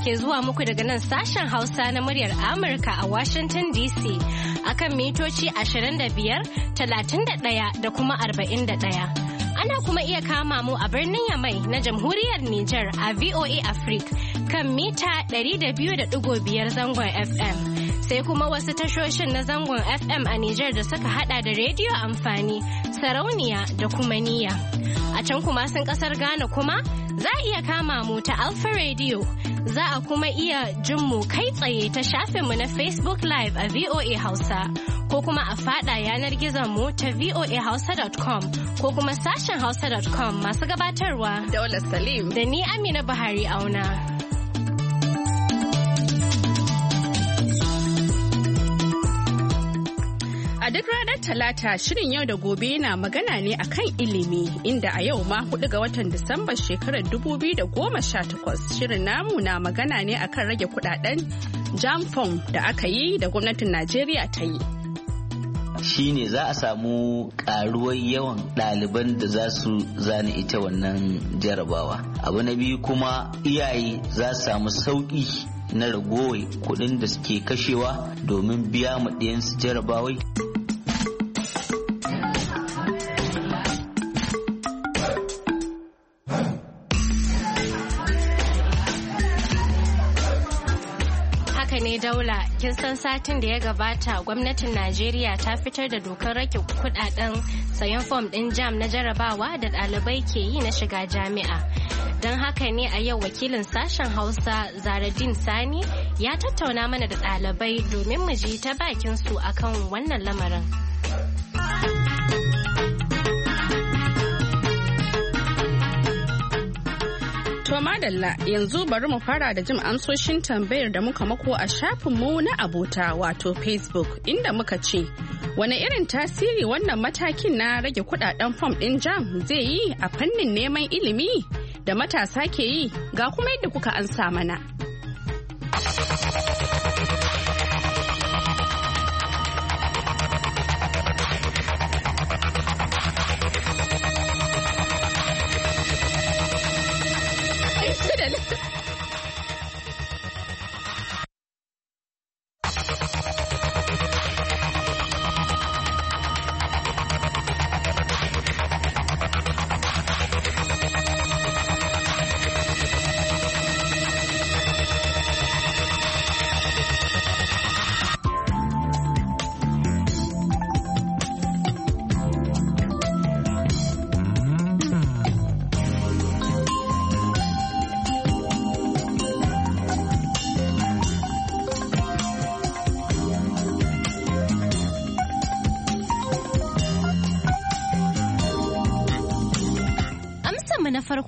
ke zuwa muku daga nan sashen Hausa na muryar Amurka a Washington DC akan mitoci 25, 31 da kuma 41. ana kuma iya kama mu a birnin Yamai na jamhuriyar Nijar a VOA Africa kan mita 200.5 zangon FM. sai kuma wasu tashoshin na zangon FM a Nijar da suka hada da rediyo amfani, sarauniya da kuma niyya. A can kuma sun kasar Ghana kuma za a iya kama mu ta Alfa Radio, za a kuma iya jin mu kai tsaye ta shafin mu na Facebook Live a VOA Hausa, ko kuma a fada yanar gizon mu ta voahausa.com ko kuma sashen hausa.com masu gabatarwa. Daula Salim. Da ni Amina Buhari auna. duk ranar Talata shirin yau da gobe na magana ne akan ilimi inda a yau ma hudu ga watan Disamba shekarar 2018 shirin namu na magana ne akan rage kudaden jamfon da aka yi da gwamnatin Najeriya ta yi. Shi ne za a samu karuwar yawan ɗaliban da za su zane ita wannan jarabawa. Abu na biyu kuma iyaye za su samu sauƙi na ragowai kuɗin da suke kashewa domin biya maɗiyansu jarabawai. mai daula kin san satin da ya gabata gwamnatin najeriya ta fitar da dokar rage kudaden sayan fom din jam na jarabawa da ɗalibai ke yi na shiga jami'a don haka ne a yau wakilin sashen hausa zaradin sani ya tattauna mana da ɗalibai domin mu ji ta bakin su akan wannan lamarin. ma dalla yanzu bari mu fara da jin amsoshin tambayar da muka mako a shafinmu na abota wato Facebook inda muka ce wane irin tasiri wannan matakin na rage kudaden fom din jam zai yi a fannin neman ilimi da matasa ke yi ga kuma yadda kuka ansa mana.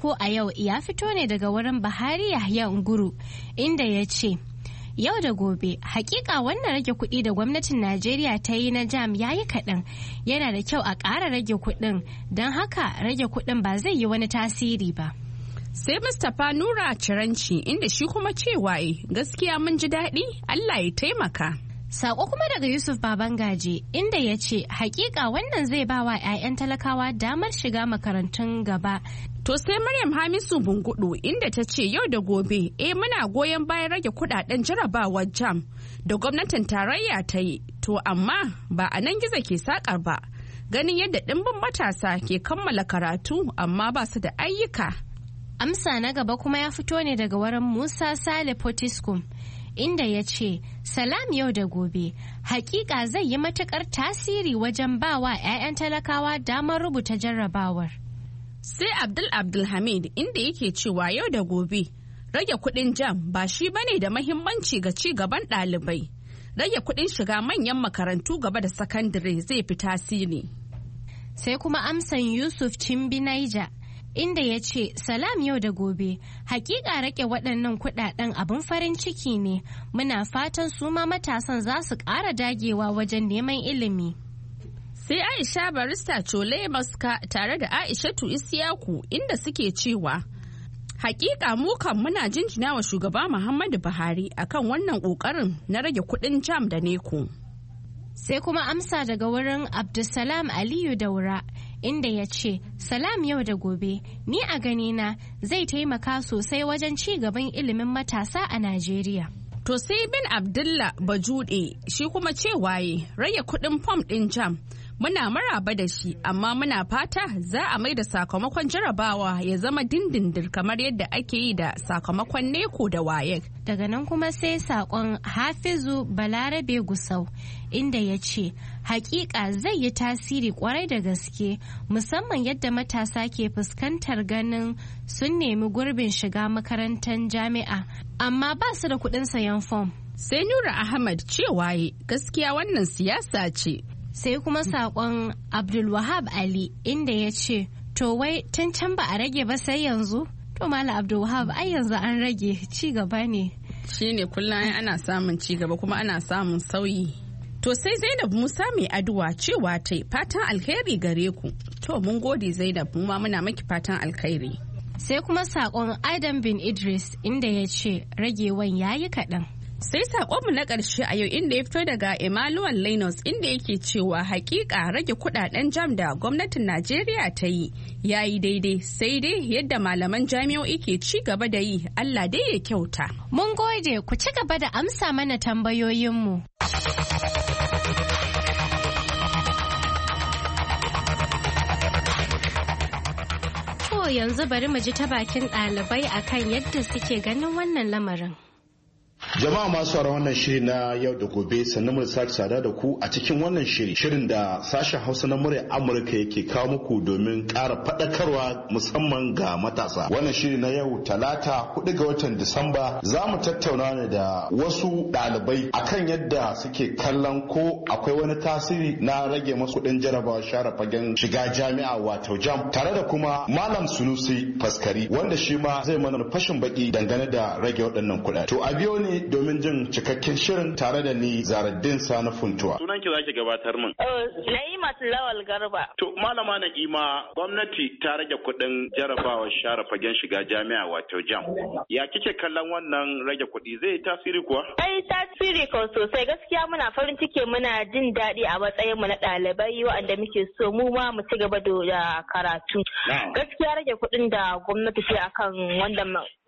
farko a yau ya fito ne daga wurin Buhari Yahya Nguru inda ya ce Yau da gobe, hakika wannan rage kuɗi da gwamnatin Najeriya ta yi na jam ya yi kaɗan, yana da kyau a ƙara rage kuɗin, don haka rage kuɗin ba zai yi wani tasiri ba. sai mustapha nura ciranci inda shi kuma cewa eh, gaskiya mun ji daɗi allah ya taimaka Sako kuma daga Yusuf Babangaje inda ya ce hakika wannan zai ba wa 'ya'yan talakawa damar shiga makarantun gaba To sai Maryam Hamisu Bungudu inda ta ce yau da gobe eh muna goyon bayan rage kudaden jarabawar jam da gwamnatin tarayya ta yi to amma ba a nan gizo ke sakar ba ganin yadda ɗimbin matasa ke kammala karatu amma ba su da ayyuka. Amsa na gaba kuma ya fito ne daga wurin Musa Sale Potiskum inda ya ce salam yau da gobe hakika zai yi matukar tasiri wajen bawa 'ya'yan talakawa damar rubuta jarrabawar. sai abdul abdulhamid inda yake cewa yau da gobe rage kudin jam ba shi bane da mahimmanci ga ci gaban dalibai rage kudin shiga manyan makarantu gaba da sakandare zai fi tasiri sai kuma amsan yusuf cimbi naija inda ya ce salam yau da gobe hakika rake waɗannan kudaden abin farin ciki ne muna fatan su ma matasan za su ƙara dagewa wajen neman ilimi sai Aisha barista Chole Maska tare da Aishatu Isiyaku inda suke cewa Hakika mu kan muna jinjina wa shugaba Muhammadu Buhari akan wannan kokarin na rage kudin jam da neko. Sai kuma amsa daga wurin Abdulsalam Aliyu Daura inda ya ce, Salam yau da gobe, ni a ganina zai taimaka sosai wajen ci gaban ilimin matasa a Najeriya. To sai bin Abdullah Bajude shi kuma ce waye rage kudin fom ɗin jam muna maraba da shi amma muna fata za a mai da sakamakon jarabawa ya zama dindindir kamar yadda ake yi da sakamakon neko da waye. daga nan kuma sai sakon hafizu balarabe gusau inda ya ce hakika zai yi tasiri kwarai da gaske musamman yadda matasa ke fuskantar ganin sun nemi gurbin shiga makarantar jami'a amma ba su da kuɗin sayan fom sai nura ahmad cewa gaskiya wannan siyasa ce sai kuma saƙon wahab ali inda ya ce to wai tun can ba a rage ba sai yanzu to mala wahab ai yanzu an rage ci gaba ne Shi ne kullum ana samun ci gaba kuma ana samun sauyi to sai zainab musa mai aduwa cewa ta fatan alkhairi gare ku to mun gode zainab mu muna maki fatan alkhairi sai kuma sakon adam bin idris inda ya ce ragewan yayi kaɗan Sai sakonmu na ƙarshe a yau inda ya fito daga Emmanuel Linus inda yake cewa hakika rage kudaden jam da gwamnatin Najeriya ta yi ya yi daidai sai dai yadda malaman jami'o'i ke ci gaba da yi Allah dai ya kyauta. Mun gode ku ci gaba da amsa mana tambayoyinmu. To yanzu bari mu ji ta bakin ɗalibai akan yadda suke ganin wannan lamarin. Jama'a masu sauraron wannan shiri na yau da gobe sannan mun sake sada da ku a cikin wannan shiri shirin da sashen Hausa na murya Amurka yake kawo muku domin ƙara faɗakarwa musamman ga matasa. Wannan shiri na yau talata 4 ga watan Disamba za mu tattauna ne da wasu ɗalibai akan yadda suke kallon ko akwai wani tasiri na rage masu kuɗin jarabawa share fagen shiga jami'a wato jam tare da kuma Malam Sunusi Faskari wanda shi ma zai mana fashin baki dangane da rage waɗannan kuɗa. To a biyo ne ne domin jin cikakken shirin tare da ni Zaraddin Sani Funtuwa. Sunan ki zaki gabatar min. Eh, Na'ima Lawal Garba. To malama Na'ima gwamnati ta rage kuɗin jarabawa share fagen shiga jami'a wato jam. Ya kike kallon wannan rage kuɗi zai tasiri kuwa? Ai tasiri ko sosai gaskiya muna farin ciki muna jin daɗi a matsayin mu na ɗalibai waɗanda muke so mu ma mu ci gaba da karatu. Gaskiya rage kuɗin da gwamnati ce akan wanda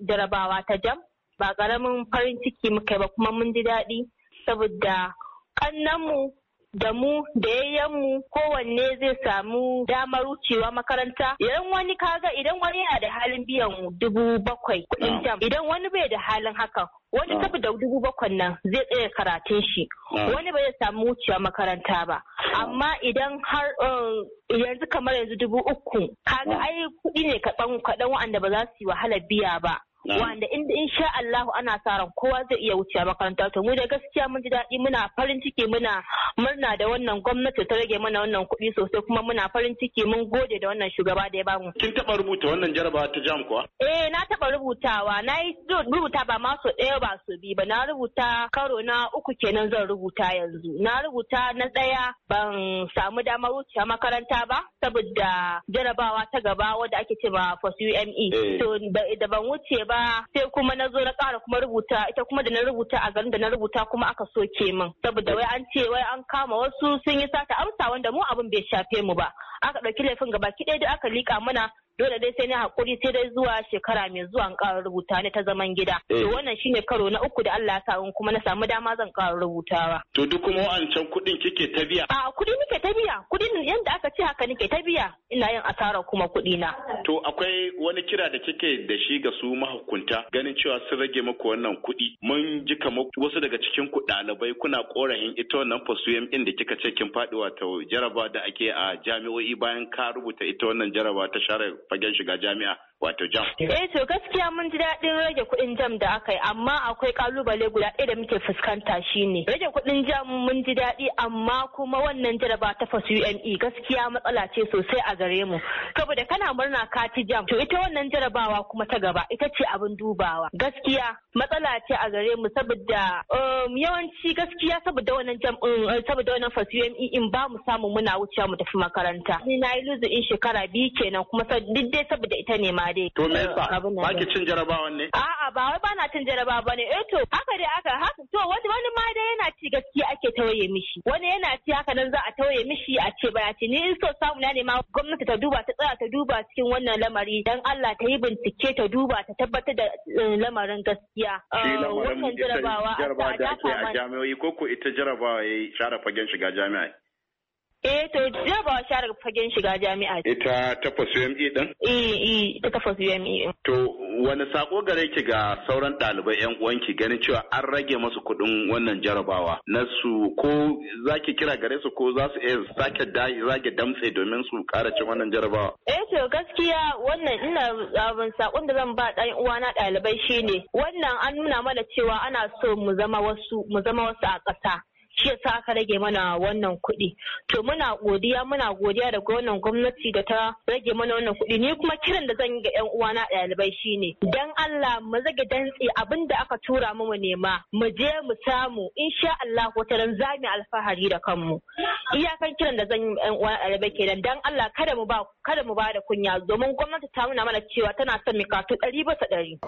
jarabawa ta jam ba karamin farin ciki muka ba kuma mun ji daɗi saboda kannanmu da mu da yayyanmu kowanne zai samu damar wucewa makaranta idan wani kaga idan wani yana da halin biyan dubu bakwai kuɗin jam idan wani bai da halin hakan wani ah. saboda dubu bakwai nan zai tsaya karatun shi ah. wani bai samu wucewa makaranta ba ah. amma idan har eh, yanzu kamar yanzu dubu uku kaga ai kuɗi ne kaɗan kaɗan wa'anda ba za su yi wahala biya ba wanda inda insha Allah ana sa ran kowa zai iya wuce makaranta to mu da gaskiya mun ji daɗi muna farin ciki muna murna da wannan gwamnati ta rage mana wannan kuɗi sosai kuma muna farin ciki mun gode da wannan shugaba da ya bamu. Kin taɓa rubuta wannan jaraba ta jam kuwa? Eh na taɓa rubutawa na yi rubuta ba ma so ɗaya ba so biyu ba na rubuta karo na uku kenan zan rubuta yanzu na rubuta na ɗaya ban samu damar wuce makaranta ba saboda jarabawa ta gaba wadda ake ce ma UME. To eh. da ban wuce ba sai kuma na zo na ƙara kuma rubuta ita kuma da na rubuta a garin da na rubuta kuma aka soke min saboda eh. wai an ce wai an kama wasu sun yi sata amsa wanda mu abin bai shafe mu ba aka ɗauki laifin gaba ki ɗaya aka liƙa mana dole dai sai na hakuri sai dai zuwa shekara mai zuwa ƙara rubuta ne ta zaman gida. To eh. wannan shine karo na uku da Allah sa in kuma na samu dama zan ƙara rubutawa. To duk kuma wancan kuɗin kike ta biya? A kuɗi nike ta biya, kuɗin yanda aka ce haka nike ta biya ina yin asara kuma kuɗi na. To akwai wani kira da kike da shi ga su mahukunta ganin cewa sun rage maku wannan kuɗi. Mun ji kama wasu daga cikin ku ɗalibai kuna ƙorafin ita wannan fasuyam ɗin da kika ce kin faɗi wato jaraba da ake a jami'o'i bayan ka rubuta ita wannan jaraba ta share fagen shiga jami'a wato jam. Eh to gaskiya mun ji daɗin rage kuɗin jam da aka yi amma akwai kalubale guda ɗaya da muke fuskanta shine rage kuɗin jam mun ji daɗi amma kuma wannan jaraba ta fasu UME gaskiya matsala ce sosai a gare mu saboda kana murna ka jam to ita wannan jarabawa kuma ta gaba ita ce abin dubawa gaskiya matsala ce a gare mu saboda um, yawanci gaskiya saboda wannan jam um, saboda wannan fasu UME in ba mu samu muna wucewa mu tafi makaranta ni na yi luzu in shekara biyu kenan kuma duk dai saboda ita ne ma dai. To me yasa? Ba ki cin jarabawa ne? A'a ba wai na cin jarabawa bane. Eh to haka dai aka haka to wani wani ma dai yana ci gaskiya ake tauye mishi. Wani yana ci haka nan za a tauye mishi a ce ya ci ni in so samu na ne ma gwamnati ta duba ta tsaya ta duba cikin wannan lamari dan Allah ta yi bincike ta duba ta tabbatar da eh, lamarin gaskiya. Eh, wannan jarabawa a jami'o'i ko ko ita jarabawa ya share fagen shiga jami'a. Eh to jarabawa share fagen shiga jami'a. Ita Tafas UME din? Eh eh ta Tafas UME. To wani sako gare ki ga sauran ɗalibai yan uwanki ganin cewa an rage masu kuɗin wannan jarabawa na su ko za ki kira gare su ko za su iya sake zage damtse domin su ƙara cin wannan jarabawa. Eh to gaskiya wannan ina abin sakon da zan ba ɗan uwana ɗalibai shine wannan an nuna mana cewa ana so mu zama wasu mu zama wasu a ƙasa. shi yasa aka rage mana wannan kuɗi to muna godiya muna godiya da wannan gwamnati da ta rage mana wannan kuɗi ni kuma kiran da zan yi ga yan uwana ɗalibai shine dan Allah mu zage dantsi abin da aka tura mu mu nema mu je mu samu insha Allah wata ran za alfahari da kanmu iyakan kiran da zan yi yan uwana ɗalibai kenan dan Allah kada mu ba kada mu ba da kunya domin gwamnati ta nuna mana cewa tana son mikatu ɗari bisa ɗari.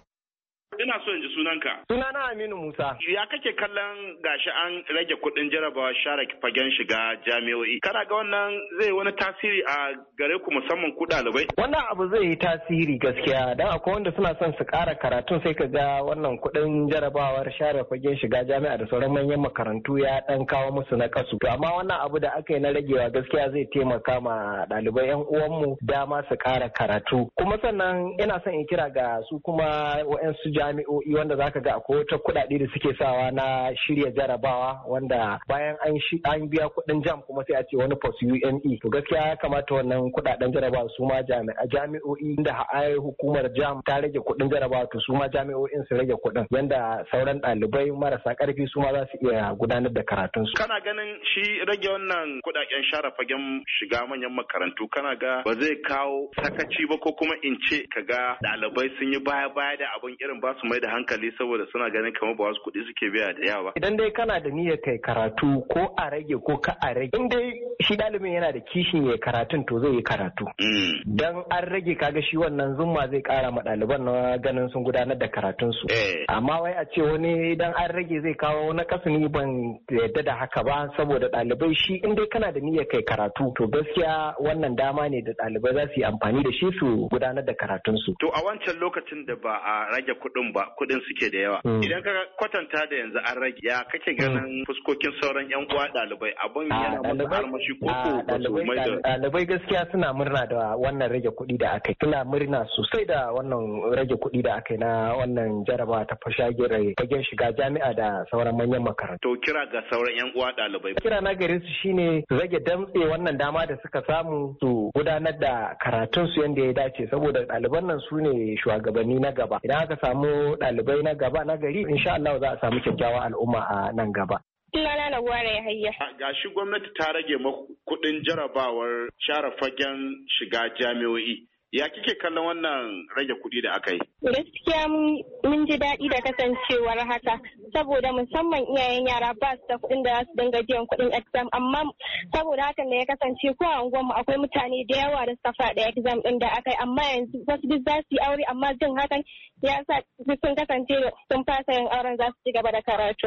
Ina so in ji sunanka. Sunana Aminu Musa. Ya kake kallon gashi an rage kuɗin jarabawa share fagen shiga jami'o'i. Kana ga wannan zai wani tasiri a gare ku musamman ku ɗalibai? Wannan abu zai yi tasiri gaskiya dan akwai wanda suna son su ƙara karatun sai ka ga wannan kuɗin jarabawar share fagen shiga jami'a da sauran manyan makarantu ya ɗan kawo musu na kasu. To amma wannan abu da aka yi na ragewa gaskiya zai taimaka ma ɗalibai 'yan uwanmu dama su ƙara karatu. Kuma sannan ina son in kira ga su kuma wa'yansu jami'o'i wanda za ka ga akwai wata kuɗaɗe da suke sawa na shirya jarabawa wanda bayan an an biya kuɗin jam kuma sai a ce wani post UNE to gaskiya ya kamata wannan kuɗaɗen jarabawa su ma jami'a jami'o'i da ai hukumar jam ta rage kuɗin jarabawa to su ma jami'o'in su rage kuɗin yanda sauran ɗalibai marasa ƙarfi su ma za su iya gudanar da karatun su Kana ganin shi rage wannan kuɗaɗen share fagen shiga manyan makarantu kana ga ba zai kawo sakaci ba ko kuma in ce ka ga ɗalibai sun yi baya baya da abin irin ba su mai da hankali saboda suna ganin kamar ba wasu kuɗi suke biya da yawa. Idan dai kana da niyyar kai karatu ko a rage ko ka a rage. In dai shi ɗalibin yana da kishin ya karatun to zai yi karatu. Mm. Dan an rage kaga shi wannan zumma zai kara ma ɗaliban na ganin sun gudanar da karatun su eh. Amma wai a ce wani dan an rage zai kawo na kasu ni ban yadda da haka ba saboda ɗalibai shi in dai kana da niyyar kai karatu to gaskiya wannan dama ne da ɗalibai za su yi amfani da shi su gudanar da karatun su. To a wancan lokacin da ba a rage kuɗi. kuɗin ba kuɗin suke da yawa mm. idan ka kwatanta da yanzu an rage ya kake mm. ganin fuskokin sauran yan uwa ɗalibai abin ah, yana da armashi ko ko Dalibai ah, gaskiya suna murna da wannan rage kuɗi da aka yi suna murna sosai da wannan rage kuɗi da aka yi na wannan jarabawa ta fashagire fagen shiga jami'a da sauran manyan makarantu to kira ga sauran yan uwa ɗalibai kira na gare su shine rage damtse wannan dama da suka samu su gudanar da karatun su yadda ya dace saboda ɗaliban nan su ne shugabanni na gaba idan aka samu samu ɗalibai na gaba na gari insha Allah za a samu kyakkyawan al'umma a nan gaba. Sunana na gwara ya hayya. Ah, Ga shi gwamnati ta rage maku kuɗin jarabawar share fagen shiga jami'o'i. Ya kike kallon wannan rage kuɗi da aka yi? Gaskiya mun ji daɗi da kasancewar haka, saboda musamman iyayen yara ba su da kuɗin da za su dinga biyan kuɗin exam, amma saboda hakan da ya kasance ko a unguwarmu akwai mutane da yawa da suka faɗa exam ɗin da aka yi, amma yanzu wasu duk za su yi aure amma jin hakan ya sa duk sun kasance sun fasa yin auren za su ci gaba da karatu.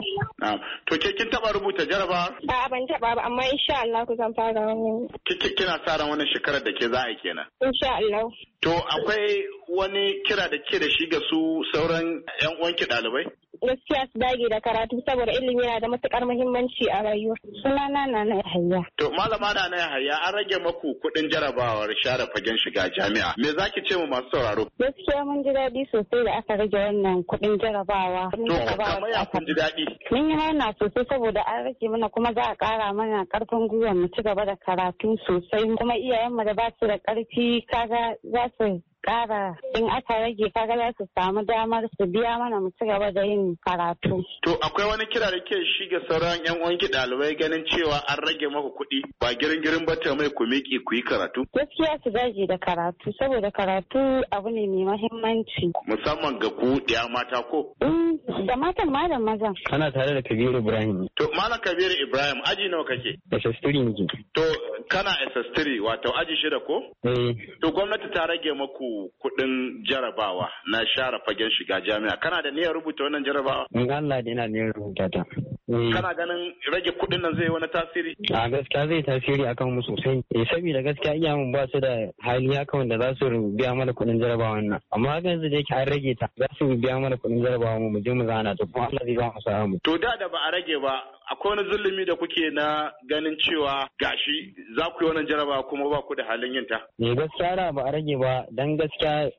To ke kin taba rubuta jaraba? A'a ban taba ba amma insha Allah ku zan fara wannan. Kike kina sa ran wannan shekarar da ke za a yi kenan. Insha Allah. To akwai wani kira da ke da shi ga su sauran 'yan uwanki ɗalibai? gaskiya su dage da karatu saboda ilimi yana da matukar muhimmanci a rayuwa. Suna na na na, Yahaya. To malama na na Yahaya an rage maku kuɗin jarabawar share fagen shiga jami'a. Me za ki ce mu masu sauraro? Gaskiya mun ji daɗi sosai da aka rage wannan kuɗin jarabawa. To ya kun ji daɗi? Mun yi murna sosai saboda an rage mana kuma za a ƙara mana ƙarfin gwiwa mu ci gaba da karatu sosai kuma iyayenmu da ba su da ƙarfi kaga za su ƙara in aka rage kaga za su samu damar su biya mana mu ci gaba da yin karatu. To akwai wani kira da ke shi ga sauran 'yan uwan ɗalibai ganin cewa an rage maku kuɗi ba girin girin ba ta mai ku miƙi ku yi karatu. Gaskiya su gaji da karatu saboda karatu abu ne mai muhimmanci. Musamman ga ku ɗaya mata ko? Mm, da matan ma da mazan. Kana tare da Kabiru Ibrahim. To Malam Kabiru Ibrahim aji nawa kake? Da sastiri ne. To kana SS3 wato aji shida ko? Mm. To gwamnati ta rage maku kuɗin jarabawa na share fagen shiga jami'a. Kana da niyyar rubuta wannan jarabawa? In Allah da ina niyyar rubuta ta. Mm. Kana ganin rage kuɗin nan zai wani tasiri? A gaskiya zai tasiri akan mu sosai. Eh saboda gaskiya iya mun ba su da hali haka wanda za su biya mana kuɗin jarabawa nan. Amma haka yanzu da yake an rage ta za su biya mana kuɗin jarabawa mu mu je mu zana ta kuma Allah zai ba mu sa'a mu. To da da ba a rage ba akwai wani zulumi da kuke na ganin cewa gashi za ku yi wannan jaraba kuma ba ku da halin yin ta. Me eh, gaskiya da ba a rage ba dan gaskiya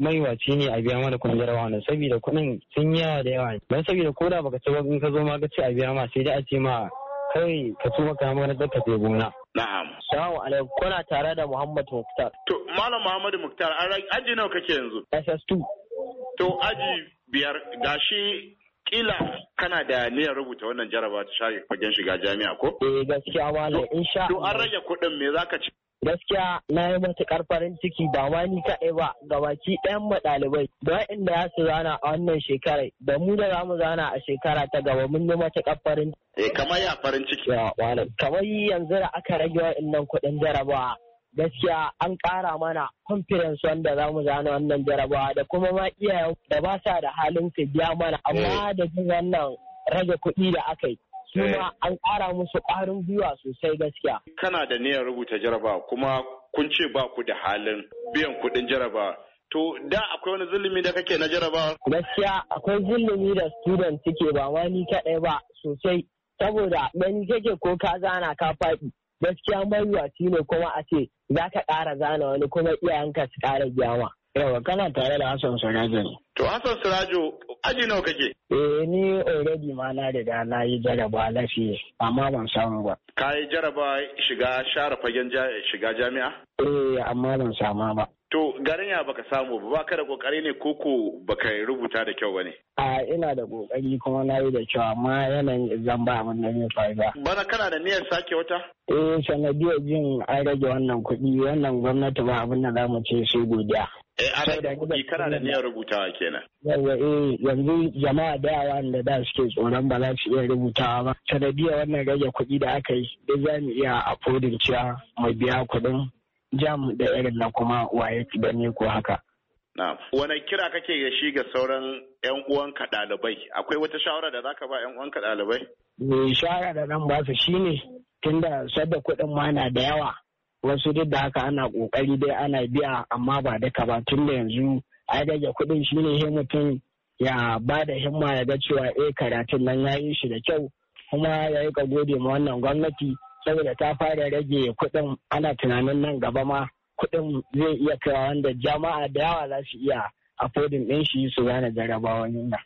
maiwaci ne a biya mana kuɗin jaraba nan saboda kuɗin sun yi yawa da yawa dan saboda ko da baka ci ba in ka zo ma ka ci a biya ma sai dai a ce ma kai ka tuba ka mana na ka je gona. Na'am. Salamu alaikum kuna tare da Muhammad Muktar. To Malam Muhammad Muktar aji nawa kake yanzu? SS2. To aji biyar gashi kila kana da niyyar rubuta wannan jaraba ta share fagen shiga jami'a ko? Eh gaskiya malam sha. To an rage kuɗin me zaka ci? Gaskiya na yi matuƙar farin ciki ba ma ni kaɗai ba ga baki ɗayan maɗalibai da inda ya su zana a wannan shekarar da mu da za mu zana a shekara ta gaba mun yi matuƙar farin ciki. Eh kamar ya farin ciki. Kamar yanzu da aka rage nan kuɗin jarabawa gaskiya an ƙara mana confidence wanda za mu zana wannan jarabawa da kuma ma iyayen da ba sa da halin su biya mana amma eh. da jin wannan rage kuɗi da aka yi suna eh. an ƙara musu ƙarin gwiwa sosai gaskiya. Kana da niyyar rubuta jaraba kuma kun ce ba ku da halin biyan kuɗin jaraba. To da akwai wani zulumi da kake na jaraba? Gaskiya akwai zulumi da student suke ba ma ni kaɗai ba sosai saboda gani kake ko ka zana ka faɗi gaskiya shi ne kuma a ce za ka ƙara zana wani kuma iyayenka su ƙara gyama. Yawa kana tare da Hassan Surajo ne. To Hassan Surajo aji nawa kake? Eh ni already ma na riga na yi jaraba na fiye amma ban samu ba. Ka yi jaraba shiga share fagen shiga jami'a? Eh amma ban sama ba. To garin ya baka samu ba baka da kokari ne koko baka rubuta da kyau bane. A ina da kokari kuma na yi da kyau amma yanayin exam ba abin da faida. faru ba. Bana kana da niyyar sake wata? Eh sanadiyar jin an rage wannan kuɗi wannan gwamnati ba abin da za mu ce sai godiya. Eh an da kuɗi kana da niyyar rubutawa kenan. Yawwa eh yanzu jama'a da yawa da da suke tsoron ba za su iya rubutawa ba. Sanadiyar wannan rage kuɗi da aka yi duk za mu iya afodin cewa mu biya kuɗin jam da irin na kuma waye ne ko haka. Wane kira kake yashi shi ga sauran 'yan uwanka ɗalibai? Akwai wata shawara da zaka ba 'yan uwanka ɗalibai? Me eh, shawara da nan ba su shine tunda sadda kuɗin ma na da yawa. Wasu duk da haka ana ƙoƙari dai ana biya amma ba duka ba tun da yanzu ai rage kuɗin shine ne mutum ya ba da himma ya ga cewa eh karatun nan ya yi shi da kyau kuma ya yi ka gode ma wannan gwamnati saboda ta fara rage kuɗin ana tunanin nan gaba ma kuɗin zai iya kawo wanda jama'a da yawa za su iya afodin ɗin shi su gane jarabawan nan.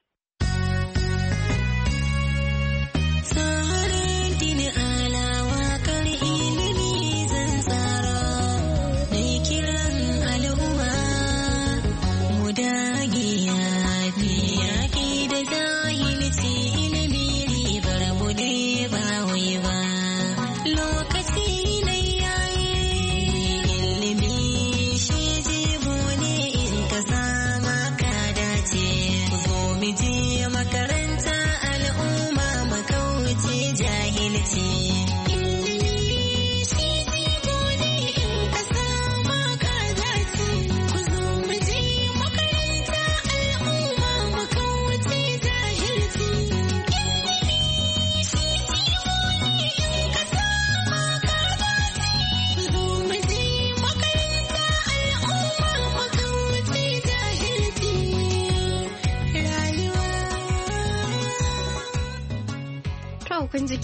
一起。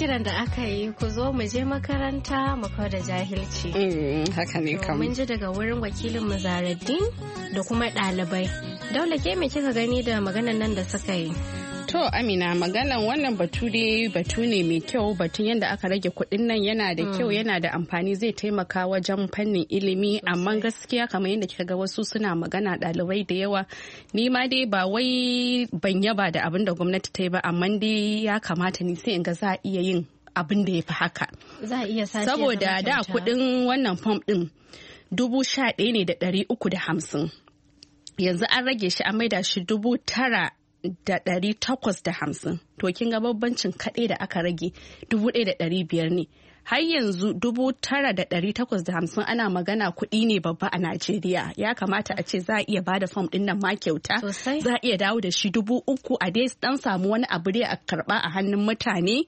kiran da aka yi ku zo mu je makaranta mu da jahilci. Mm, haka ne kam. Mun ji daga wurin wakilin mu da kuma ɗalibai. Daula ke me kika gani da maganan nan da suka yi? To Amina maganan wannan batu ne batu ne mai kyau batun yadda aka rage kuɗin nan yana da kyau mm. yana da amfani zai taimaka wajen fannin ilimi amma gaskiya kamar yadda kika ga wasu suna magana dalibai da yawa ni ma dai ba wai ban yaba da abin da gwamnati ta yi ba amma dai ya kamata ni sai in ga za a iya yin abin da ya fi haka. Za Saboda da kudin wannan fom din dubu sha ɗaya ne da ɗari uku da hamsin. yanzu an rage shi an maida shi dubu tara da ɗari takwas da hamsin to kin ga babbancin kaɗai da aka rage dubu ɗaya da ɗari biyar ne har yanzu dubu tara da ɗari takwas da hamsin ana magana kuɗi ne babba a Najeriya ya kamata a ce za a iya bada fam ɗin nan ma kyauta za a iya dawo da shi dubu uku a dai dan samu wani abu dai a karɓa a hannun mutane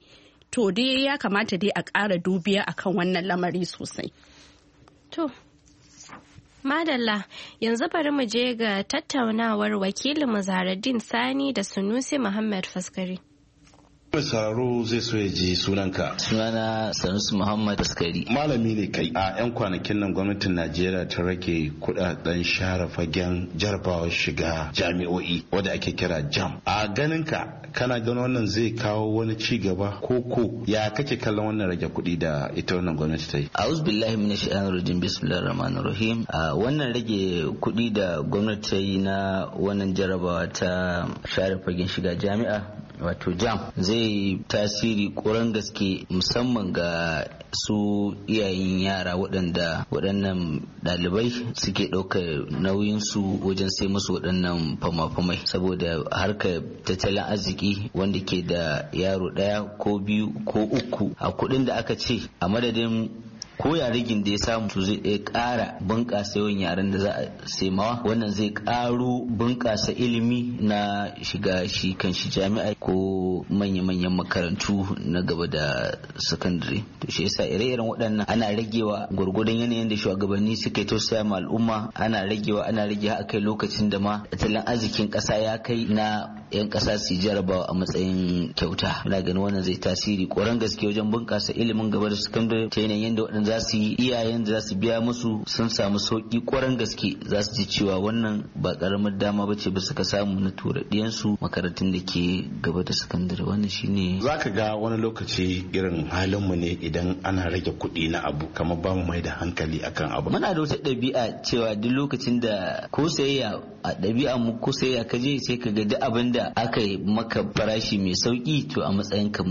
to dai ya kamata dai a ƙara dubiya akan wannan lamari sosai. To, Madalla yanzu bari mu je ga tattaunawar wakilin zaradin Sani da Sunusi Muhammad Faskari. Saro zai so ya ji sunanka. Sunana Sanusi Muhammad Askari. Malami ne kai. A 'yan kwanakin nan gwamnatin Najeriya ta rage kudaden share fagen jarabawar shiga jami'o'i wadda ake kira jam. A ganinka kana ganin wannan zai kawo wani ci gaba ko ko ya kake kallon wannan rage kuɗi da ita wannan gwamnati ta yi. A'udhu billahi minash shaitanir rajim bismillahir rahmanir rahim. wannan rage kuɗi da gwamnati ta yi na wannan jarabawa ta share fagen shiga jami'a wato jam zai tasiri koren gaske musamman ga su iyayen yara waɗanda waɗannan ɗalibai suke ɗaukar nauyinsu wajen sai musu waɗannan fama-famai saboda harkar tattalin arziki wanda ke da yaro ɗaya ko biyu ko uku a kuɗin da aka ce a madadin ko ya rigin da ya samu su zai ƙara bunƙasa yawan yaren da za a saimawa wannan zai ƙaro bunƙasa ilimi na shiga shi kan shi jami'a ko manya-manyan makarantu na gaba da sakandare to shi yasa ire-iren waɗannan ana ragewa gwargwadon yanayin da shugabanni suke tausaya ma al'umma ana ragewa ana rage a kai lokacin da ma tattalin arzikin ƙasa ya kai na 'yan kasa su jarabawa a matsayin kyauta muna ganin wannan zai tasiri koran gaske wajen bunkasa ilimin gaba da sakandare ta yanayin yadda waɗanda za su yi iyayen da za su biya musu sun samu sauki. koran gaske za su ji cewa wannan ba ƙaramar dama ba ce ba suka samu na tura ɗiyansu makarantun da ke gaba da sakandare wannan shine za ka ga wani lokaci irin halinmu ne idan ana rage kuɗi na abu kamar ba mu mai da hankali akan abu muna da wata ɗabi'a cewa duk lokacin da ko sayayya a ɗabi'a mu ko sayayya ka je sai ka ga duk abin da da aka yi maka farashi mai sauki to a matsayin ka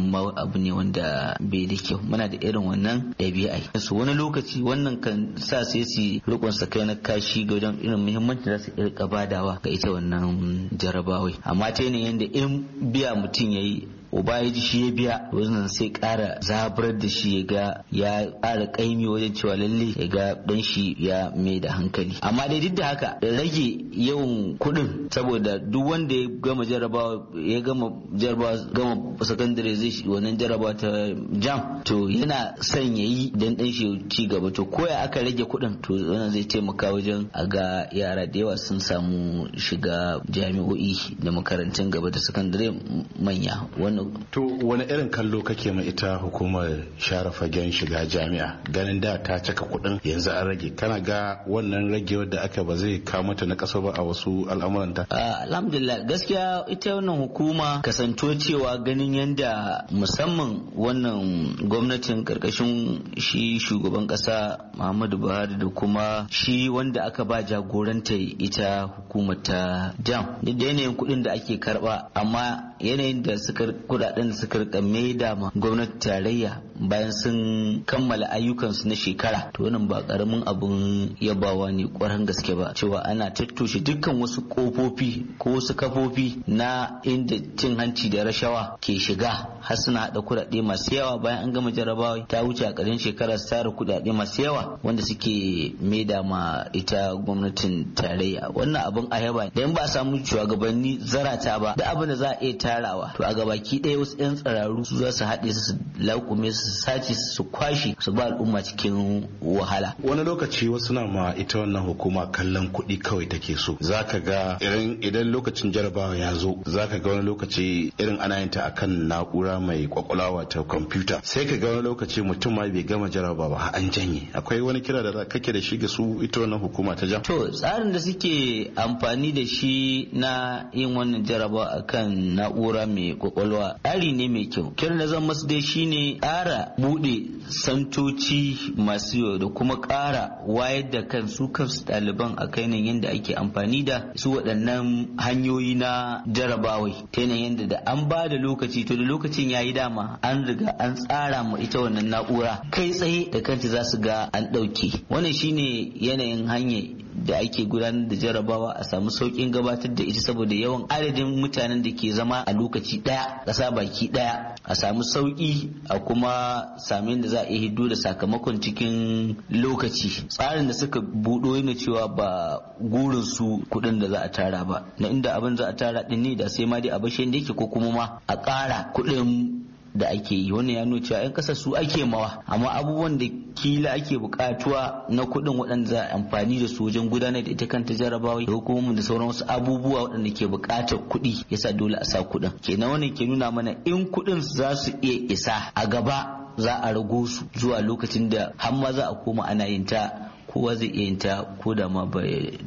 abu ne wanda bai da kyau muna da irin wannan ɗabi'a su wani lokaci wannan kan sa sai su rikon sa kai na kashi ga wajen irin muhimmanci za su irka badawa ga ita wannan jarabawai amma ta yanayin yadda in biya mutum ya yi uba ya ji shi ya biya wannan sai ƙara zabrar da shi ya ga ya ƙara ƙaimi wajen cewa lalle ya ga dan shi ya mai da hankali amma dai duk da haka rage yawan kuɗin saboda duk wanda ya gama jarabawa ya gama jarabawa gama sakandare zai shi wannan jarabawa ta jam to yana son ya yi dan dan shi ya ci gaba to koya aka rage kuɗin to wannan zai taimaka wajen a ga yara da yawa sun samu shiga jami'o'i da makarantun gaba da sakandare manya wannan to wani irin kallo kake ma ita hukumar share fagen shiga jami'a ganin da ta cika kuɗin yanzu an rage kana ga wannan ragewar da aka ba zai kawo mata na ƙasa ba a wasu al'amuranta alhamdulillah gaskiya ita wannan hukuma kasanto cewa ganin yadda musamman wannan gwamnatin karkashin shi shugaban ƙasa muhammadu buhari da kuma shi wanda aka ba jagoranta ita hukumar ta jam da yanayin kuɗin da ake karɓa amma yanayin da suka kudaden da suka rika maida ma gwamnati tarayya bayan sun kammala ayyukansu na shekara to wannan ba karamin abun yabawa ne kwarin gaske ba cewa ana tattoshe dukkan wasu kofofi ko wasu kafofi na inda cin hanci da rashawa ke shiga har suna hada kudade masu yawa bayan an gama jarabawa ta wuce a ƙarshen shekara su tara kuɗaɗe masu yawa wanda suke maida ma ita gwamnatin tarayya wannan abun a yaba da ba a samu shugabanni zarata ba da abin da za a iya tarawa to a gabaki ɗaya wasu 'yan tsararru su za su haɗe su laukume su sace su kwashi su ba al'umma cikin wahala wani lokaci wasu na ma ita wannan hukuma kallon kuɗi kawai take so zaka ga irin idan lokacin jarabawa ya zo zaka ga wani lokaci irin ana yin ta akan na'ura mai kwakwalwa ta kwamfuta sai ka ga wani lokaci mutum ma bai gama jarabawa ba an janye akwai wani kira da kake da shi ga su ita wannan hukuma ta ja to tsarin da suke amfani da shi na yin wannan jarabawa akan na'ura mai kwakwalwa tsari ne mai kyau kiran da zan masu dai shine tsara ƙara buɗe santoci masu yau da kuma ƙara wayar da kan su kansu ɗaliban a kai nan yadda ake amfani da su waɗannan hanyoyi na jarabawai ta yanayin yadda da an ba da lokaci to da lokacin ya yi dama an riga an tsara ma ita wannan na'ura kai tsaye da kanta za su ga an ɗauke wannan shine yanayin hanyar da ake gudanar da jarabawa a samu saukin gabatar da ita saboda yawan adadin mutanen da ke zama a lokaci daya kasa baki daya a samu sauki a kuma samun da za a yi hiddo da sakamakon cikin lokaci tsarin da suka buɗo yana cewa ba gurin su kuɗin da za a tara ba na inda abin za a tara din ne da sai ma dai a bashin da yake ko kuma ma a ƙara kuɗin da ake yi wannan ya nuna cewa 'yan kasa su ake mawa amma abubuwan da kila ake bukatuwa na kuɗin waɗanda za a amfani da su wajen gudanar da ita kanta jarabawa da hukumomin da sauran wasu abubuwa waɗanda ke buƙatar kuɗi yasa dole a sa kuɗin kenan wannan ke nuna mana in kuɗin za su iya isa a gaba za a ragu su zuwa lokacin da har ma za a koma ana yin ta kowa zai iya ta ko da ma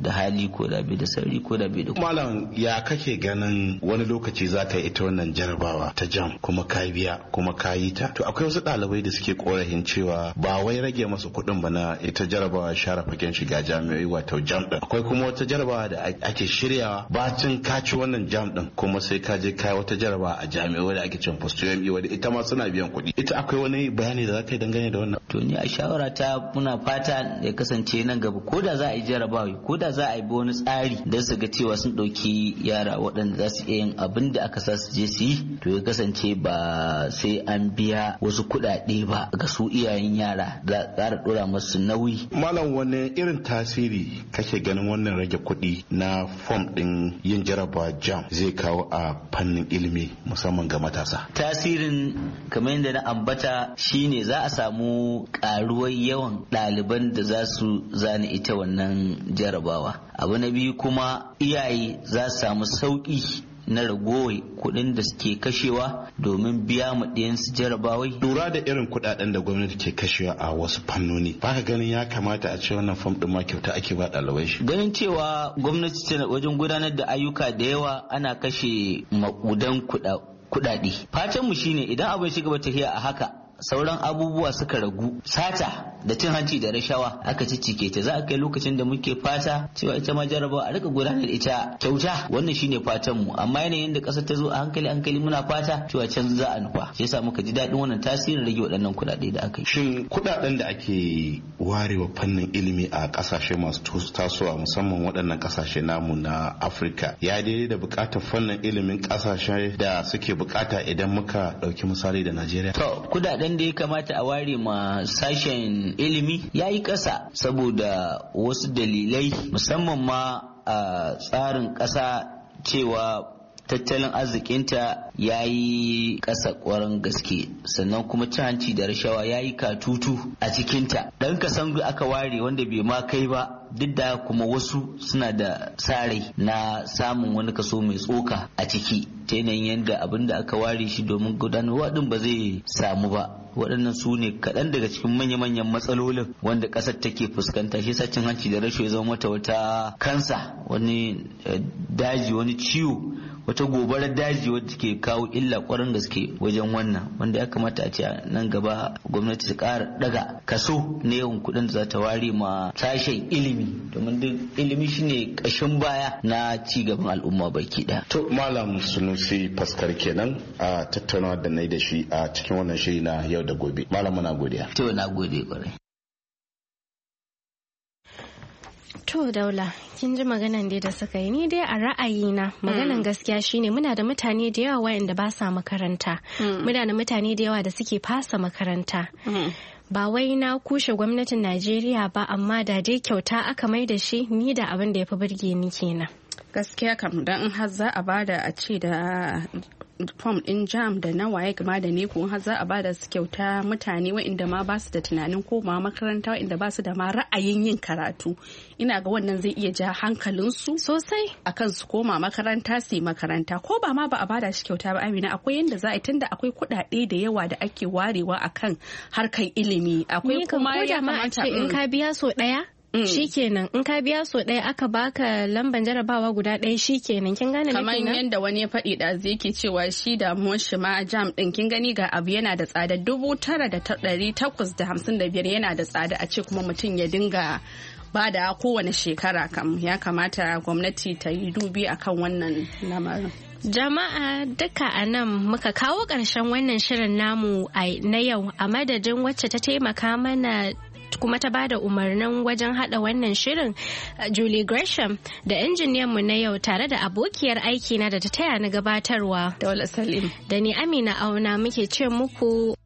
da hali ko da bai da sauri ko da bai da malam ya kake ganin wani lokaci za ta ita wannan jarabawa ta jam kuma ka biya kuma ka yi ta to akwai wasu ɗalibai da suke korafin cewa ba wai rage masa kuɗin ba na ita jarabawa share fagen shiga jami'o'i wato jam din akwai kuma wata jarabawa da ake shiryawa bacin ka ci wannan jam din kuma sai ka je kai wata jarabawa a jami'o'i da ake cin post e wanda ita ma suna biyan kuɗi ita akwai wani bayani da za ka yi dangane da wannan to ni a shawara ta muna fata da kasance kasance nan gaba ko da za a yi jarabawa ko da za a yi wani tsari don su ga cewa sun ɗauki yara waɗanda za su iya yin abin da aka sa su je su yi to ya kasance ba sai an biya wasu kuɗaɗe ba ga su iyayen yara da ƙara ɗora masu nauyi. Malam wani irin tasiri kake ganin wannan rage kuɗi na fom ɗin yin jarabawa jam zai kawo a fannin ilimi musamman ga matasa. Tasirin kamar yadda na ambata shine za a samu ƙaruwar yawan ɗaliban da za su su zani ita wannan jarabawa abu na biyu kuma iyaye za su samu sauƙi na ragowai kuɗin da suke kashewa domin biya mu ɗiyansu jarabawai. Lura da irin kuɗaɗen da gwamnati ke kashewa a wasu fannoni. ba ka ganin ya kamata a ce wannan fom ɗin ma kyauta ake ba ɗalibai shi. Ganin cewa gwamnati tana wajen gudanar da ayyuka da yawa ana kashe maƙudan kuɗaɗe. Fatanmu shine idan abin shiga gaba tafiya a haka sauran abubuwa suka ragu sata da cin hanci da rashawa aka ciccike ta za a kai lokacin da muke fata cewa ita ma jarabawa a rika gudanar ita kyauta wannan shine fatan mu amma yanayin da kasar ta zo a hankali hankali muna fata cewa can za a nufa shi yasa muka ji daɗin wannan tasirin rage waɗannan kuɗaɗe da aka yi shin kuɗaɗen da ake warewa fannin ilimi a kasashe masu tasowa musamman waɗannan ƙasashe namu na Afirka ya daidai da buƙatar fannin ilimin ƙasashe da suke buƙata idan muka ɗauki misali da Najeriya to kuɗaɗen da ya kamata a ware ma sashen ilimi ya yi ƙasa saboda wasu dalilai musamman ma a tsarin ƙasa cewa tattalin arzikinta ya yi ƙasa ƙwarin gaske sannan kuma cin hanci da rashawa ya yi katutu a cikinta ɗan kasan aka ware wanda bai ma kai ba duk da kuma wasu suna da sare na samun wani kaso mai tsoka a ciki ta yanayin yadda abin da aka ware shi domin gudanarwa ɗin ba zai samu ba waɗannan su ne kaɗan daga cikin manya-manyan matsalolin wanda ƙasar take fuskanta shi sa cin hanci da rashin ya zama mata wata kansa wani eh, daji wani ciwo wata gobarar daji wadda ke kawo illa kwarin gaske wajen wannan wanda ya kamata a ce nan gaba gwamnati ta kara daga kaso na yawan kuɗin da za ta ware ma sashen ilimi domin duk ilimi shine kashin baya na ci gaban al'umma baki ɗaya. to malam sunusi faskar kenan a tattaunawa da na da shi a cikin wannan shiri na yau da gobe malam muna godiya. to na gode kwarai. To daula kin ji maganan dai da suka yi ni dai a ra'ayi na maganan mm. gaskiya shine muna da mutane da yawa wayanda ba sa makaranta mm. muna da mutane da yawa da suke fasa makaranta mm. ba wai na kushe gwamnatin Najeriya ba amma da dai kyauta aka mai da shi ni da abin da ya fi burge ni kenan. gaskiya kam don har za a bada a ce da fom din jam da na waye kama da ne kun har za a bada su kyauta mutane waɗanda ma basu da tunanin ko ma makaranta ba basu da ma ra'ayin yin karatu ina ga wannan zai iya ja hankalin su sosai akan su koma makaranta su makaranta ko ba ma ba a bada shi kyauta ba amina akwai yanda za a tunda akwai kuɗaɗe da yawa da ake warewa akan harkar ilimi akwai kuma ya kamata in mm. ka biya so ɗaya Mm. shikenan in ka biya so ɗaya aka baka lamban jarabawa guda ɗaya shikenan kin gane kamar yadda wani ya faɗi da zai ke cewa shi da shi ma jam ɗin kin gani ga abu yana da tsada dubu tara da ɗari takwas da hamsin da biyar yana da tsada a ce kuma mutum ya dinga bada kowane shekara kam ya kamata gwamnati ta yi dubi akan wannan lamarin. Jama'a duka a nan muka kawo ƙarshen wannan shirin namu na yau a madadin wacce ta taimaka mana kuma ta bada umarnin wajen hada wannan shirin uh, Julie Gresham da injiniyan mu na yau tare da abokiyar aiki na da ta taya ni gabatarwa. Daula Salim. Da ni Amina Auna muke ce muku